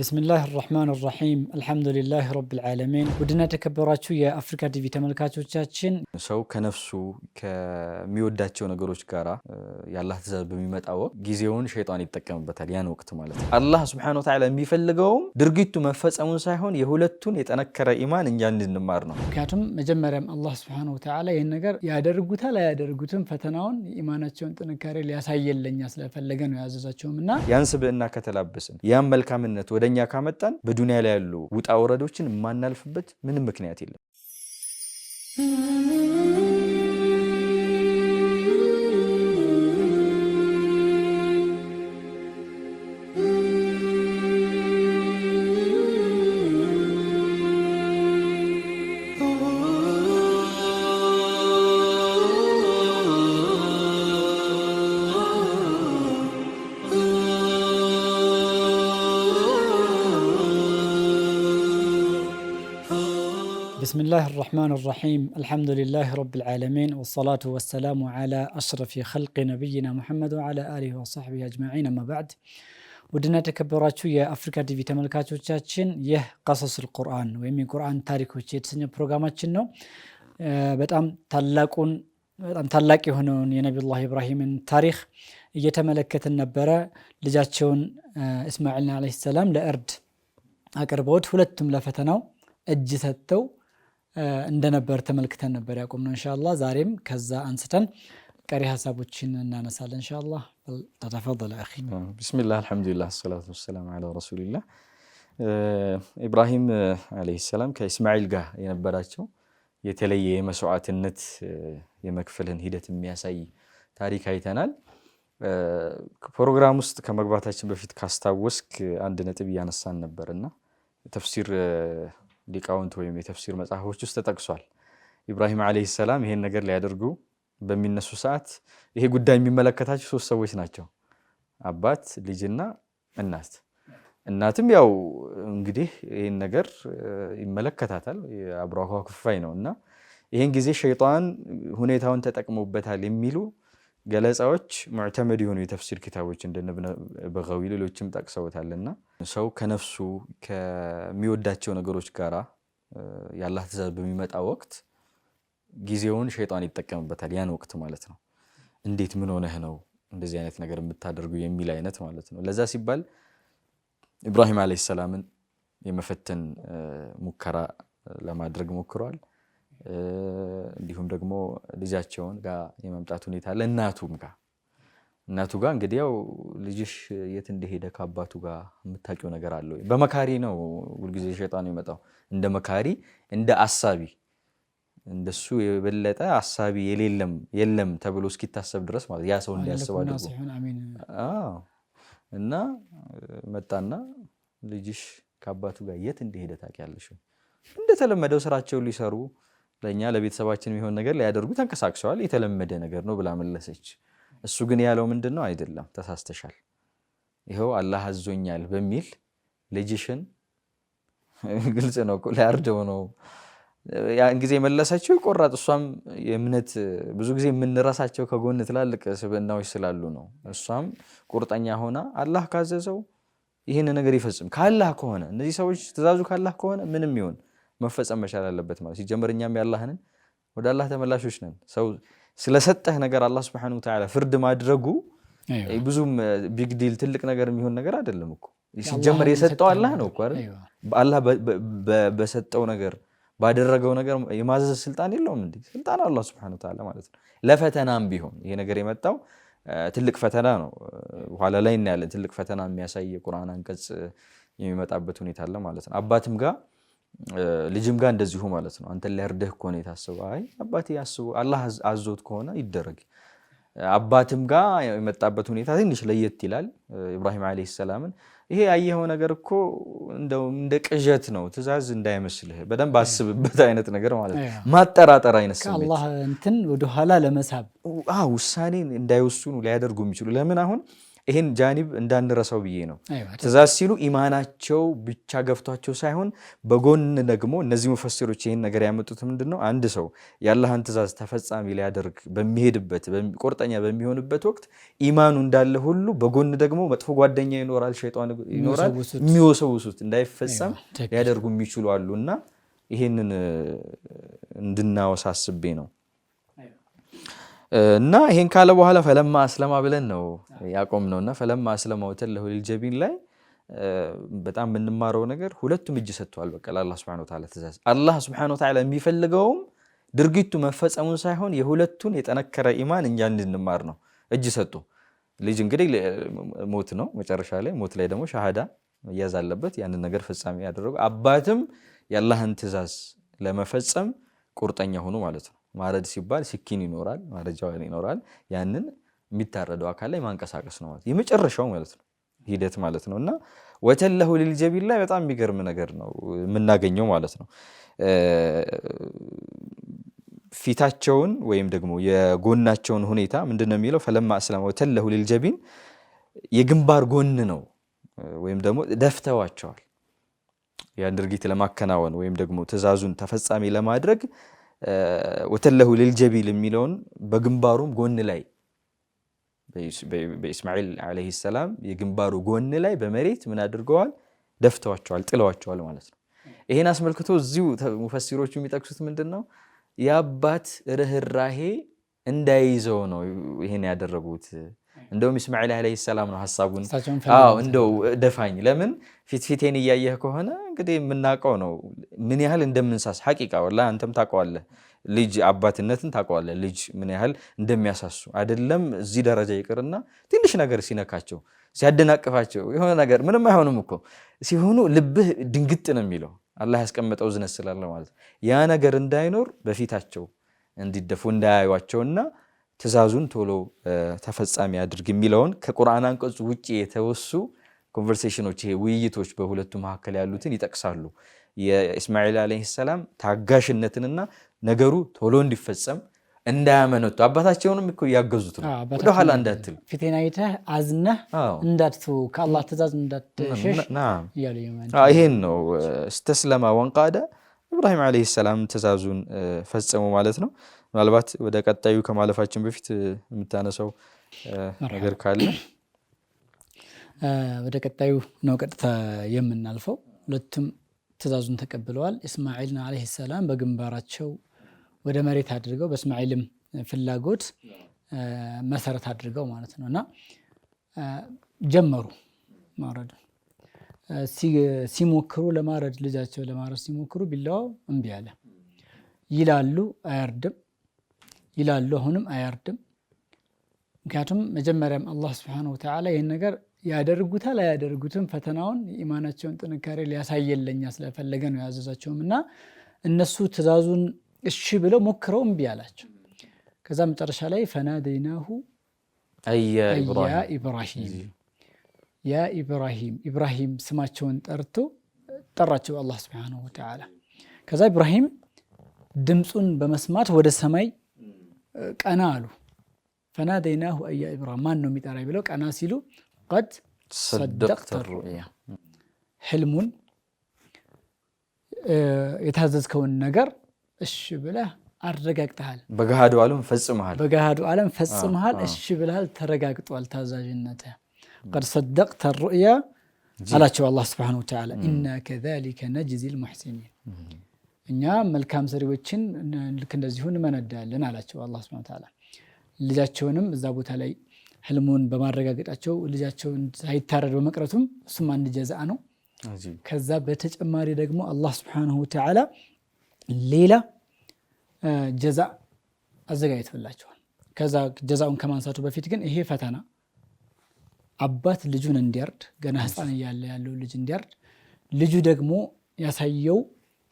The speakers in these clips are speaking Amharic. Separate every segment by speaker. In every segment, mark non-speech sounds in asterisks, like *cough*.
Speaker 1: ብስምላህ ራህማን ራሒም አልሐምዱሊላህ ረብል ዓለሚን። ውድና የተከበራችሁ የአፍሪካ ቲቪ ተመልካቾቻችን ሰው ከነፍሱ ከሚወዳቸው ነገሮች ጋር የአላህ ትእዛዝ በሚመጣ ወቅት ጊዜውን ሸይጣን ይጠቀምበታል። ያን ወቅት ማለት ነው። አላህ ስብሐነሁ ወተዓላ የሚፈልገውም ድርጊቱ መፈጸሙን ሳይሆን የሁለቱን የጠነከረ ኢማን እኛ እንድንማር ነው።
Speaker 2: ምክንያቱም መጀመሪያም አላህ ስብሐነሁ ወተዓላ ይህን ነገር ያደርጉታል አያደርጉትም ፈተናውን የኢማናቸውን ጥንካሬ ሊያሳየለኛ ስለፈለገ ነው ያዘዛቸውም እና
Speaker 1: ያን ስብዕና ከተላበስን ያን መልካምነት ወደ ወደኛ ካመጣን በዱንያ ላይ ያሉ ውጣ ወረዶችን የማናልፍበት ምንም ምክንያት የለም።
Speaker 2: بسم الله الرحمن الرحيم الحمد لله رب العالمين والصلاة والسلام على أشرف خلق نبينا محمد وعلى آله وصحبه أجمعين ما بعد ውድና የተከበራችሁ የአፍሪካ ቲቪ ተመልካቾቻችን ይህ ቀሰሱል ቁርአን ወይም የቁርአን ታሪኮች የተሰኘ ፕሮግራማችን ነው። በጣም ታላቁን በጣም ታላቅ የሆነውን የነቢዩላህ ኢብራሂምን ታሪክ እየተመለከትን ነበረ። ልጃቸውን እስማኤልን ዓለይሂ ሰላም ለእርድ አቅርበውት ሁለቱም ለፈተናው እጅ ሰጥተው እንደነበር ተመልክተን ነበር ያቆምነው። እንሻላ ዛሬም ከዛ አንስተን ቀሪ ሀሳቦችን እናነሳለን እንሻላ። ተተፈضል አኺ
Speaker 1: ቢስሚላህ አልሐምዱሊላህ ሰላቱ ወሰላም አላ ረሱሊላህ። ኢብራሂም ዓለይሂ ሰላም ከእስማዒል ጋር የነበራቸው የተለየ የመስዋዕትነት የመክፈልን ሂደት የሚያሳይ ታሪክ አይተናል። ፕሮግራም ውስጥ ከመግባታችን በፊት ካስታወስክ አንድ ነጥብ እያነሳን ነበርና ተፍሲር ሊቃውንት ወይም የተፍሲር መጽሐፎች ውስጥ ተጠቅሷል። ኢብራሂም ዓለይሂ ሰላም ይሄን ነገር ሊያደርጉ በሚነሱ ሰዓት ይሄ ጉዳይ የሚመለከታቸው ሶስት ሰዎች ናቸው፣ አባት ልጅና እናት። እናትም ያው እንግዲህ ይህን ነገር ይመለከታታል፣ የአብራኳ ክፋይ ነው እና ይህን ጊዜ ሸይጣን ሁኔታውን ተጠቅሞበታል የሚሉ ገለጻዎች ሙዕተመድ የሆኑ የተፍሲር ኪታቦች እንደነ ኢብነ በጋዊ ሌሎችም ጠቅሰውታልና ሰው ከነፍሱ ከሚወዳቸው ነገሮች ጋራ የአላህ ትእዛዝ በሚመጣ ወቅት ጊዜውን ሸይጣን ይጠቀምበታል። ያን ወቅት ማለት ነው። እንዴት ምን ሆነህ ነው እንደዚህ አይነት ነገር የምታደርጉ የሚል አይነት ማለት ነው። ለዛ ሲባል ኢብራሂም ዓለይሂ ሰላምን የመፈተን ሙከራ ለማድረግ ሞክረዋል። እንዲሁም ደግሞ ልጃቸውን ጋር የመምጣት ሁኔታ አለ። እናቱም ጋር እናቱ ጋር እንግዲህ ያው ልጅሽ የት እንደሄደ ከአባቱ ጋር የምታውቂው ነገር አለ በመካሪ ነው ሁልጊዜ ሸጣን የመጣው እንደ መካሪ እንደ አሳቢ እንደሱ የበለጠ አሳቢ የሌለም የለም ተብሎ እስኪታሰብ ድረስ ማለት ያ ሰው እንዲያስብ አድርጎ እና መጣና ልጅሽ ከአባቱ ጋር የት እንደሄደ ታውቂያለሽ? እንደተለመደው ስራቸውን ሊሰሩ ለእኛ ለቤተሰባችን የሚሆን ነገር ሊያደርጉ ተንቀሳቅሰዋል። የተለመደ ነገር ነው ብላ መለሰች። እሱ ግን ያለው ምንድን ነው? አይደለም ተሳስተሻል፣ ይኸው አላህ አዞኛል በሚል ልጅሽን *laughs* ግልጽ ነው ሊያርደው ነው ያን ጊዜ መለሰችው ቆራጥ። እሷም የእምነት ብዙ ጊዜ የምንረሳቸው ከጎን ትላልቅ ስብናዎች ስላሉ ነው። እሷም ቁርጠኛ ሆና አላህ ካዘዘው ይህን ነገር ይፈጽም ካላህ ከሆነ እነዚህ ሰዎች ትእዛዙ ካላህ ከሆነ ምንም ይሆን መፈጸም መቻል አለበት ማለት ሲጀመር እኛም ያላህንን ወደ አላህ ተመላሾች ነን። ሰው ስለሰጠህ ነገር አላህ ሱብሓነሁ ወተዓላ ፍርድ ማድረጉ ብዙም ቢግ ዲል ትልቅ ነገር የሚሆን ነገር አይደለም እኮ ሲጀመር የሰጠው አላህ ነው እኮ አይደል? አላህ በሰጠው ነገር ባደረገው ነገር የማዘዝ ስልጣን የለውም እንዴ? ስልጣን አላህ ሱብሓነሁ ወተዓላ ማለት ነው። ለፈተናም ቢሆን ይሄ ነገር የመጣው ትልቅ ፈተና ነው። ኋላ ላይ እናያለን። ትልቅ ፈተና የሚያሳይ የቁርአን አንቀጽ የሚመጣበት ሁኔታ አለ ማለት ነው። አባትም ጋር ልጅም ጋር እንደዚሁ ማለት ነው። አንተን ሊያርደህ ከሆነ የታሰበው አይ አባቴ ያስቡ አላህ አዞት ከሆነ ይደረግ። አባትም ጋር የመጣበት ሁኔታ ትንሽ ለየት ይላል። ኢብራሂም ዓለይሂ ሰላምን ይሄ ያየኸው ነገር እኮ እንደ ቅዠት ነው፣ ትእዛዝ እንዳይመስልህ በደንብ አስብበት አይነት ነገር ማለት ነው። ማጠራጠር አይነት
Speaker 2: ስሜት እንትን ወደኋላ ለመሳብ
Speaker 1: ውሳኔ እንዳይወስኑ ሊያደርጉ የሚችሉ ለምን አሁን ይህን ጃኒብ እንዳንረሳው ብዬ ነው። ትእዛዝ ሲሉ ኢማናቸው ብቻ ገፍቷቸው ሳይሆን በጎን ደግሞ እነዚህ ሙፈሲሮች ይህን ነገር ያመጡት ምንድን ነው? አንድ ሰው የአላህን ትእዛዝ ተፈጻሚ ሊያደርግ በሚሄድበት ቁርጠኛ በሚሆንበት ወቅት ኢማኑ እንዳለ ሁሉ በጎን ደግሞ መጥፎ ጓደኛ ይኖራል፣ ሸይጣን
Speaker 2: ይኖራል፣ የሚወሰውሱት
Speaker 1: እንዳይፈጸም ሊያደርጉ የሚችሉ አሉ እና ይህንን እንድናወሳስቤ ነው። እና ይሄን ካለ በኋላ ፈለማ አስለማ ብለን ነው ያቆም ነው እና ፈለማ አስለማ ወተን ለሁሊል ላይ በጣም የምንማረው ነገር ሁለቱም እጅ ሰጥተዋል። በቃ ለአላህ ስብሐነ ወተዓላ ትእዛዝ አላህ ስብሐነ ወተዓላ የሚፈልገውም ድርጊቱ መፈጸሙን ሳይሆን የሁለቱን የጠነከረ ኢማን እኛ እንድንማር ነው። እጅ ሰጡ። ልጅ እንግዲህ ሞት ነው መጨረሻ ላይ ሞት ላይ ደግሞ ሻሃዳ መያዝ አለበት። ያንን ነገር ፍጻሜ ያደረጉ አባትም የአላህን ትእዛዝ ለመፈጸም ቁርጠኛ ሆኖ ማለት ነው። ማረድ ሲባል ሲኪን ይኖራል፣ ማረጃ ይኖራል። ያንን የሚታረደው አካል ላይ ማንቀሳቀስ ነው ማለት የመጨረሻው ማለት ነው ሂደት ማለት ነው። እና ወተለሁ ሊልጀቢል ላይ በጣም የሚገርም ነገር ነው የምናገኘው ማለት ነው። ፊታቸውን ወይም ደግሞ የጎናቸውን ሁኔታ ምንድን ነው የሚለው? ፈለማ አስለማ ወተለሁ ሊልጀቢን የግንባር ጎን ነው ወይም ደግሞ ደፍተዋቸዋል ያን ድርጊት ለማከናወን ወይም ደግሞ ትዕዛዙን ተፈጻሚ ለማድረግ ወተለሁ ልልጀቢል የሚለውን በግንባሩም ጎን ላይ በኢስማኤል ዓለይሂ ሰላም የግንባሩ ጎን ላይ በመሬት ምን አድርገዋል? ደፍተዋቸዋል፣ ጥለዋቸዋል ማለት ነው። ይሄን አስመልክቶ እዚሁ ሙፈሲሮቹ የሚጠቅሱት ምንድን ነው? የአባት ርህራሄ እንዳይዘው ነው ይሄን ያደረጉት። እንደውም ኢስማኤል አለይሂ ሰላም ነው ሀሳቡን እንደው ደፋኝ። ለምን ፊትፊቴን እያየህ ከሆነ እንግዲህ የምናውቀው ነው ምን ያህል እንደምንሳስ ሐቂቃ ወላ አንተም ታውቀዋለህ። ልጅ አባትነትን ታውቀዋለህ። ልጅ ምን ያህል እንደሚያሳሱ አይደለም እዚህ ደረጃ ይቅርና ትንሽ ነገር ሲነካቸው ሲያደናቅፋቸው የሆነ ነገር ምንም አይሆንም እኮ ሲሆኑ ልብህ ድንግጥ ነው የሚለው አላህ ያስቀመጠው ዝነት ስላለ ማለት ያ ነገር እንዳይኖር በፊታቸው እንዲደፉ እንዳያዩቸውና ትእዛዙን ቶሎ ተፈጻሚ አድርግ የሚለውን ከቁርአን አንቀጽ ውጭ የተወሱ ኮንቨርሴሽኖች ይሄ ውይይቶች በሁለቱ መካከል ያሉትን ይጠቅሳሉ። የእስማኤል ዓለይሂ ሰላም ታጋሽነትንና ነገሩ ቶሎ እንዲፈጸም እንዳያመነቱ አባታቸውንም እኮ እያገዙት ነው። ወደኋላ እንዳትል
Speaker 2: ፊቴን አይተህ አዝነህ እንዳትተው ከአላህ ትእዛዝ እንዳትሸሽ
Speaker 1: ይሄን ነው። ስተስለማ ወንቃደ ኢብራሂም ዓለይሂ ሰላም ትእዛዙን ፈጸሙ ማለት ነው። ምናልባት ወደ ቀጣዩ ከማለፋችን በፊት የምታነሳው ነገር ካለ
Speaker 2: ወደ ቀጣዩ ነው ቀጥታ የምናልፈው። ሁለቱም ትእዛዙን ተቀብለዋል። እስማኤልን ዓለይሂ ሰላም በግንባራቸው ወደ መሬት አድርገው በእስማኤልም ፍላጎት መሰረት አድርገው ማለት ነው እና ጀመሩ ማረድ ሲሞክሩ ለማረድ ልጃቸው ለማረድ ሲሞክሩ ቢላዋው እምቢ አለ ይላሉ፣ አያርድም ይላሉ። አሁንም አያርድም። ምክንያቱም መጀመሪያም አላህ ስብሐነሁ ወተዓላ ይህን ነገር ያደርጉታል አያደርጉትም ፈተናውን የኢማናቸውን ጥንካሬ ሊያሳየለኛ ስለፈለገ ነው ያዘዛቸውም እና እነሱ ትእዛዙን እሺ ብለው ሞክረው እምቢ አላቸው። ከዛ መጨረሻ ላይ ፈናደይናሁ
Speaker 1: ያ ኢብራሂም
Speaker 2: ያ ኢብራሂም ኢብራሂም ስማቸውን ጠርቶ ጠራቸው አላህ ስብሐነሁ ወተዓላ። ከዛ ኢብራሂም ድምፁን በመስማት ወደ ሰማይ ቀና አሉ። ፈናደይናሁ አያ ኢብራሂም ማን ነው የሚጠራ ብለው ቀና ሲሉ ቀድ
Speaker 1: ሰደቅተ ሩእያ
Speaker 2: ሕልሙን የታዘዝከውን ነገር እሺ ብለህ አረጋግጠሃል።
Speaker 1: በገሃዱ ዓለም ፈጽመሃል።
Speaker 2: በገሃዱ ዓለም ፈጽመሃል። እሺ ብለሃል። ተረጋግጧል ታዛዥነትህ። ቀድ ሰደቅተ ሩእያ አላቸው አላህ ስብሐነሁ ወተዓላ ኢና ከዛሊከ ነጅዚል ሙሕሲኒን እኛ መልካም ዘሪዎችን ልክ እንደዚሁ እንመነዳለን አላቸው አላህ ሱብሃነሁ ወተዓላ። ልጃቸውንም እዛ ቦታ ላይ ህልሙን በማረጋገጣቸው ልጃቸውን ሳይታረድ በመቅረቱም እሱም አንድ ጀዛ ነው። ከዛ በተጨማሪ ደግሞ አላህ ሱብሃነሁ ወተዓላ ሌላ ጀዛ አዘጋጅቶላቸዋል። ከዛ ጀዛውን ከማንሳቱ በፊት ግን ይሄ ፈተና አባት ልጁን እንዲያርድ ገና ህፃን እያለ ያለው ልጅ እንዲያርድ ልጁ ደግሞ ያሳየው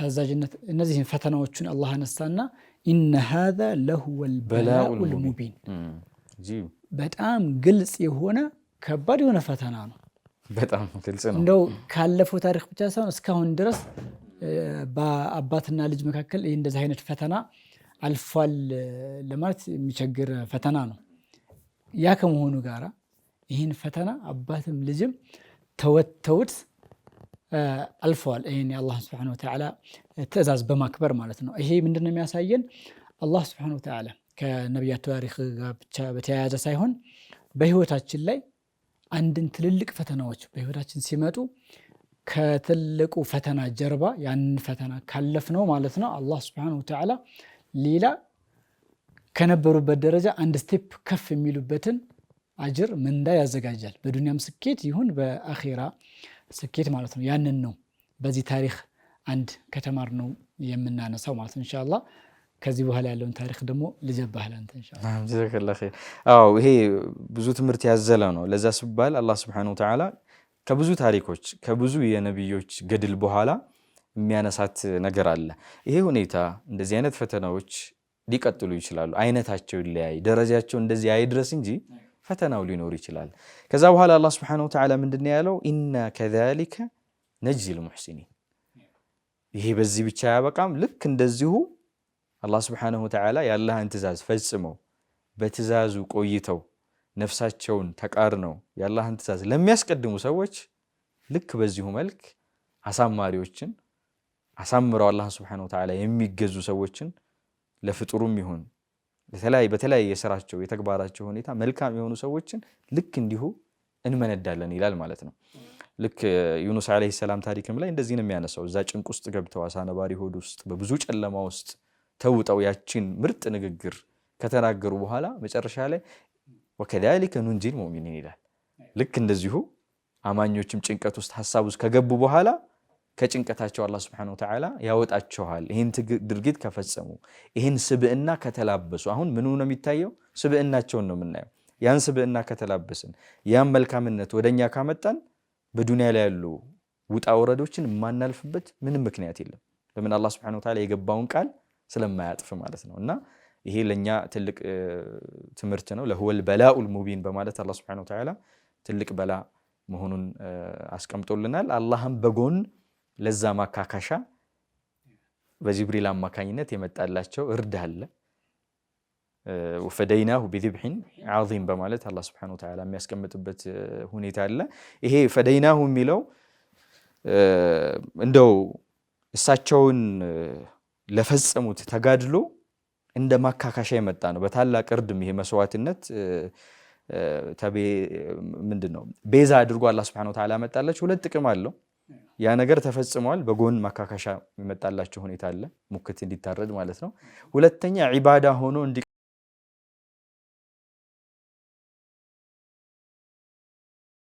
Speaker 2: ታዛዥነት እነዚህን ፈተናዎቹን አላህ አነሳና ኢነ ሃዛ ለሁወል በላኡል ሙቢን በጣም ግልጽ የሆነ ከባድ የሆነ ፈተና ነው።
Speaker 1: በጣም ግልጽ ነው።
Speaker 2: እንደው ካለፈው ታሪክ ብቻ ሳይሆን እስካሁን ድረስ በአባትና ልጅ መካከል ይህ እንደዚህ አይነት ፈተና አልፏል ለማለት የሚቸግር ፈተና ነው። ያ ከመሆኑ ጋራ ይህን ፈተና አባትም ልጅም ተወተውት አልፈዋል። ይህን የአላህ ስብሐነ ወተዓላ ትእዛዝ በማክበር ማለት ነው። ይሄ ምንድን ነው የሚያሳየን? አላህ ስብሐነ ወተዓላ ከነቢያት ታሪክ ጋር ብቻ በተያያዘ ሳይሆን በህይወታችን ላይ አንድን ትልልቅ ፈተናዎች በህይወታችን ሲመጡ ከትልቁ ፈተና ጀርባ ያንን ፈተና ካለፍ ነው ማለት ነው አላህ ስብሐነ ወተዓላ ሌላ ከነበሩበት ደረጃ አንድ ስቴፕ ከፍ የሚሉበትን አጅር ምንዳ ያዘጋጃል። በዱንያም ስኬት ይሁን በአኼራ ስኬት ማለት ነው። ያንን ነው በዚህ ታሪክ አንድ ከተማር ነው የምናነሳው ማለት ነው እንሻላ ከዚህ በኋላ ያለውን ታሪክ ደግሞ ልጀባህል አንተ
Speaker 1: ይሄ ብዙ ትምህርት ያዘለ ነው። ለዛ ሲባል አላህ ሱብሓነሁ ወተዓላ ከብዙ ታሪኮች ከብዙ የነቢዮች ገድል በኋላ የሚያነሳት ነገር አለ። ይሄ ሁኔታ እንደዚህ አይነት ፈተናዎች ሊቀጥሉ ይችላሉ። አይነታቸው ይለያይ፣ ደረጃቸው እንደዚህ አይድረስ እንጂ ፈተናው ሊኖር ይችላል። ከዛ በኋላ አላህ ስብሓነሁ ወተዓላ ምንድን ያለው? ኢና ከዛሊከ ነጅዚል ሙሕሲኒን። ይሄ በዚህ ብቻ ያበቃም ልክ እንደዚሁ አላህ ስብሓነሁ ወተዓላ የአላህን ትእዛዝ ፈጽመው በትእዛዙ ቆይተው ነፍሳቸውን ተቃርነው የአላህን ትእዛዝ ለሚያስቀድሙ ሰዎች ልክ በዚሁ መልክ አሳማሪዎችን አሳምረው አላህን ስብሓነሁ ወተዓላ የሚገዙ ሰዎችን ለፍጡሩም ይሁን በተለያየ ስራቸው የተግባራቸው ሁኔታ መልካም የሆኑ ሰዎችን ልክ እንዲሁ እንመነዳለን ይላል ማለት ነው። ልክ ዩኑስ ዓለይሂ ሰላም ታሪክም ላይ እንደዚህ ነው የሚያነሳው። እዛ ጭንቅ ውስጥ ገብተው አሳ ነባሪ ሆድ ውስጥ በብዙ ጨለማ ውስጥ ተውጠው ያችን ምርጥ ንግግር ከተናገሩ በኋላ መጨረሻ ላይ ወከዛሊከ ኑንጂል ሙእሚኒን ይላል። ልክ እንደዚሁ አማኞችም ጭንቀት ውስጥ ሀሳብ ውስጥ ከገቡ በኋላ ከጭንቀታቸው አላህ ስብሐነሁ ወተዓላ ያወጣቸዋል። ይህን ድርጊት ከፈጸሙ ይህን ስብዕና ከተላበሱ። አሁን ምኑ ነው የሚታየው? ስብዕናቸውን ነው የምናየው። ያን ስብዕና ከተላበስን ያን መልካምነት ወደኛ ካመጣን በዱንያ ላይ ያሉ ውጣ ወረዶችን የማናልፍበት ምንም ምክንያት የለም። ለምን? አላህ ስብሐነሁ ወተዓላ የገባውን ቃል ስለማያጥፍ ማለት ነው። እና ይሄ ለእኛ ትልቅ ትምህርት ነው። ለሁወል በላኡል ሙቢን በማለት አላህ ስብሐነሁ ወተዓላ ትልቅ በላ መሆኑን አስቀምጦልናል። አላህም በጎን ለዛ ማካካሻ በጅብሪል አማካኝነት የመጣላቸው እርድ አለ። ፈደይናሁ ቢዝብሒን ዓዚም በማለት አላህ ስብሐነሁ ወተዓላ የሚያስቀምጥበት ሁኔታ አለ። ይሄ ፈደይናሁ የሚለው እንደው እሳቸውን ለፈጸሙት ተጋድሎ እንደ ማካካሻ የመጣ ነው። በታላቅ እርድም ይሄ መስዋዕትነት ምንድን ነው ቤዛ አድርጎ አላህ ስብሐነሁ ወተዓላ መጣላቸው። ሁለት ጥቅም አለው። ያ ነገር ተፈጽሟል። በጎን ማካካሻ የሚመጣላቸው ሁኔታ አለ፣ ሙክት እንዲታረድ ማለት ነው። ሁለተኛ ዒባዳ ሆኖ